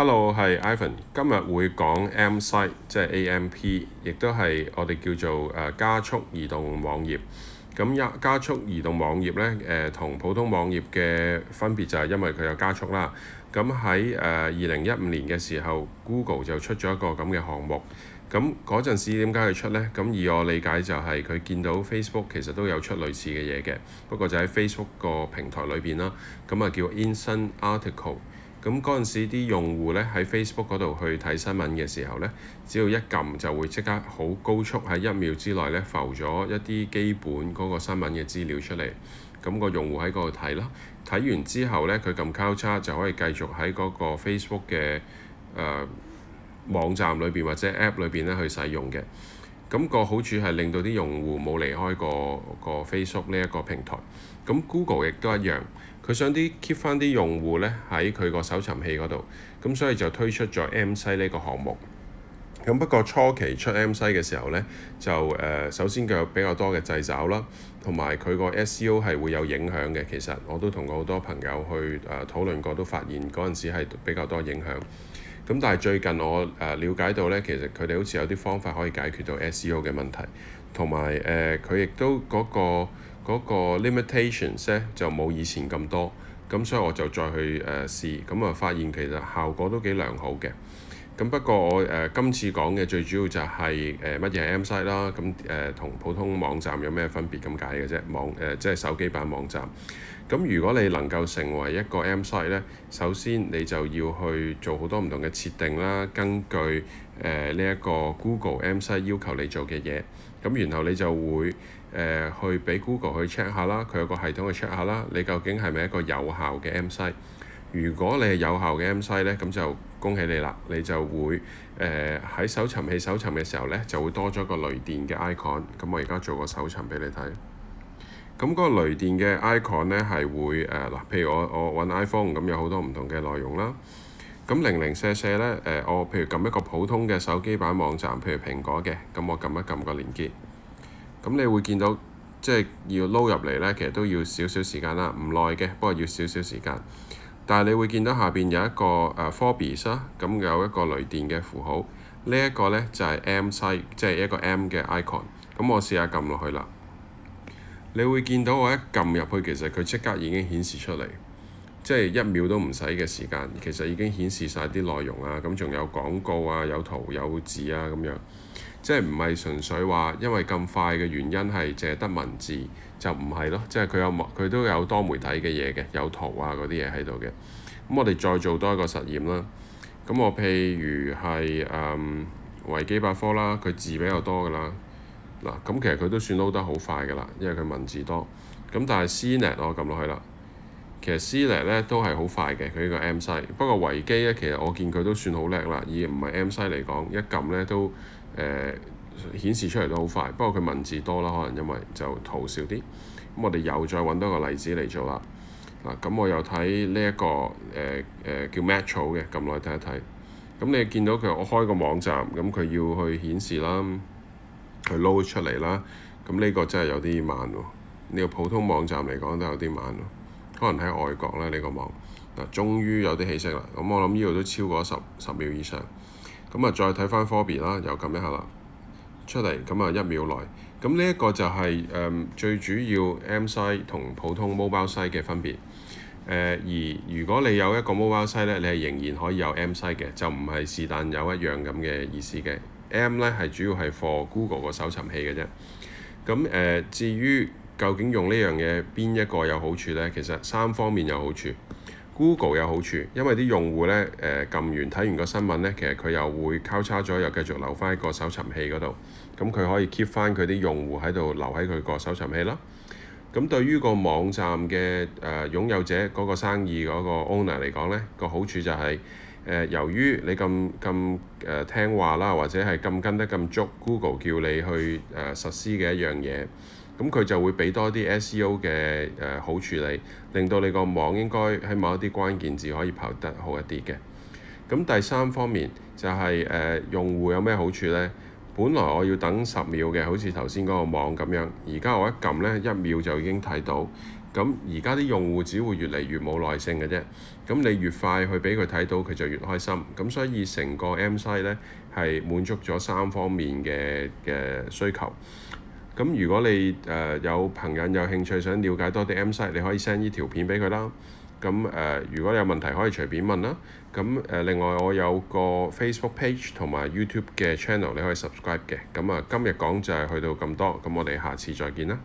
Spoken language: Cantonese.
hello，我係 Ivan。今日會講 AMP site，即係 AMP，亦都係我哋叫做誒加速移動網頁。咁加加速移動網頁呢，誒、呃、同普通網頁嘅分別就係因為佢有加速啦。咁喺誒二零一五年嘅時候，Google 就出咗一個咁嘅項目。咁嗰陣時點解佢出呢？咁以我理解就係佢見到 Facebook 其實都有出類似嘅嘢嘅，不過就喺 Facebook 個平台裏邊啦。咁啊叫 Instant Article。咁嗰陣時啲用戶咧喺 Facebook 嗰度去睇新聞嘅時候咧，只要一撳就會即刻好高速，喺一秒之內咧浮咗一啲基本嗰個新聞嘅資料出嚟。咁個用戶喺嗰度睇啦，睇完之後咧，佢撳交叉就可以繼續喺嗰個 Facebook 嘅誒網站裏邊或者 App 裏邊咧去使用嘅。咁個好處係令到啲用戶冇離開過個 Facebook 呢一個平台。咁 Google 亦都一樣。佢想啲 keep 翻啲用戶呢喺佢個搜尋器嗰度，咁所以就推出咗 MC 呢個項目。咁不過初期出 MC 嘅時候呢，就誒、呃、首先佢有比較多嘅掣肘啦，同埋佢個 SEO 係會有影響嘅。其實我都同好多朋友去誒、啊、討論過，都發現嗰陣時係比較多影響。咁但係最近我誒、呃、瞭解到呢，其實佢哋好似有啲方法可以解決到 SEO 嘅問題，同埋佢亦都嗰、嗰個嗰個 limitations 呢就冇以前咁多，咁所以我就再去誒、呃、試，咁、嗯、啊發現其實效果都幾良好嘅。咁不過我誒、呃、今次講嘅最主要就係誒乜嘢係 m site 啦、呃，咁誒同普通網站有咩分別咁解嘅啫？網誒、呃、即係手機版網站。咁如果你能夠成為一個 m site 呢，首先你就要去做好多唔同嘅設定啦，根據誒呢一個 Google m site 要求你做嘅嘢。咁然後你就會誒、呃、去俾 Google 去 check 下啦，佢有個系統去 check 下啦，你究竟係咪一個有效嘅 m site？如果你係有效嘅 MC 呢，咁就恭喜你啦！你就會誒喺、呃、搜尋器搜尋嘅時候呢，就會多咗個雷電嘅 icon。咁我而家做個搜尋俾你睇。咁、那、嗰個雷電嘅 icon 呢係會誒嗱、呃，譬如我我揾 iPhone，咁有好多唔同嘅內容啦。咁零零舍舍呢，誒、呃，我譬如撳一個普通嘅手機版網站，譬如蘋果嘅，咁我撳一撳個連結。咁你會見到即係要撈入嚟呢，其實都要少少時間啦，唔耐嘅，不過要少少時間。但係你會見到下邊有一個誒、uh, Forbes 啊，咁有一個雷電嘅符號，這個、呢一個咧就係 M size，即係一個 M 嘅 icon。咁我試下撳落去啦，你會見到我一撳入去，其實佢即刻已經顯示出嚟。即係一秒都唔使嘅時間，其實已經顯示晒啲內容啊！咁仲有廣告啊，有圖有字啊咁樣，即係唔係純粹話因為咁快嘅原因係淨係得文字就唔係咯，即係佢有佢都有多媒體嘅嘢嘅，有圖啊嗰啲嘢喺度嘅。咁我哋再做多一個實驗啦。咁我譬如係誒、嗯、維基百科啦，佢字比較多㗎啦。嗱，咁其實佢都算撈得好快㗎啦，因為佢文字多。咁但係 Cnet 我撳落去啦。其實 c l e 咧都係好快嘅，佢呢個 M 西，不過維基咧，其實我見佢都算好叻啦，而唔係 M 西嚟講，一撳咧都誒、呃、顯示出嚟都好快。不過佢文字多啦，可能因為就圖少啲。咁我哋又再揾多一個例子嚟做啦。嗱，咁我又睇呢一個誒誒、呃呃、叫 Metro 嘅，撳落去睇一睇。咁你見到佢，我開個網站，咁佢要去顯示啦，去 load 出嚟啦。咁呢個真係有啲慢喎，呢、呢個普通網站嚟講都有啲慢喎。可能喺外國咧，呢個網嗱，終於有啲氣息啦。咁我諗呢度都超過十十秒以上。咁啊，再睇翻 Forbes 啦，又撳一下啦，出嚟。咁啊，一秒內。咁呢一個就係、是、誒、呃、最主要 M 塞同普通 mobile 塞嘅分別。誒、呃、而如果你有一個 mobile 塞咧，site，你係仍然可以有 M 塞嘅，就唔係是但有一樣咁嘅意思嘅。M 呢係主要係 for Google 個搜尋器嘅啫。咁、呃、誒，至於究竟用呢樣嘢邊一個有好處呢？其實三方面有好處。Google 有好處，因為啲用戶呢，誒、呃、撳完睇完個新聞呢，其實佢又會交叉咗，又繼續留翻喺個搜尋器嗰度。咁、嗯、佢可以 keep 翻佢啲用戶喺度留喺佢個搜尋器啦。咁、嗯、對於個網站嘅誒擁有者嗰個生意嗰、嗰個 owner 嚟講呢，個好處就係、是呃、由於你咁咁誒聽話啦，或者係咁跟得咁足，Google 叫你去誒、呃、實施嘅一樣嘢。咁佢就會俾多啲 S E O 嘅誒、呃、好處理，令到你個網應該喺某一啲關鍵字可以跑得好一啲嘅。咁第三方面就係、是、誒、呃、用戶有咩好處呢？本來我要等十秒嘅，好似頭先嗰個網咁樣，而家我一撳呢一秒就已經睇到。咁而家啲用戶只會越嚟越冇耐性嘅啫。咁你越快去俾佢睇到，佢就越開心。咁所以成個 M C 呢係滿足咗三方面嘅嘅需求。咁如果你誒有朋友有興趣想了解多啲 M Side，你可以 send 呢條片俾佢啦。咁誒、呃，如果有問題可以隨便問啦。咁誒、呃，另外我有個 Facebook page 同埋 YouTube 嘅 channel，你可以 subscribe 嘅。咁啊，今日講就係去到咁多，咁我哋下次再見啦。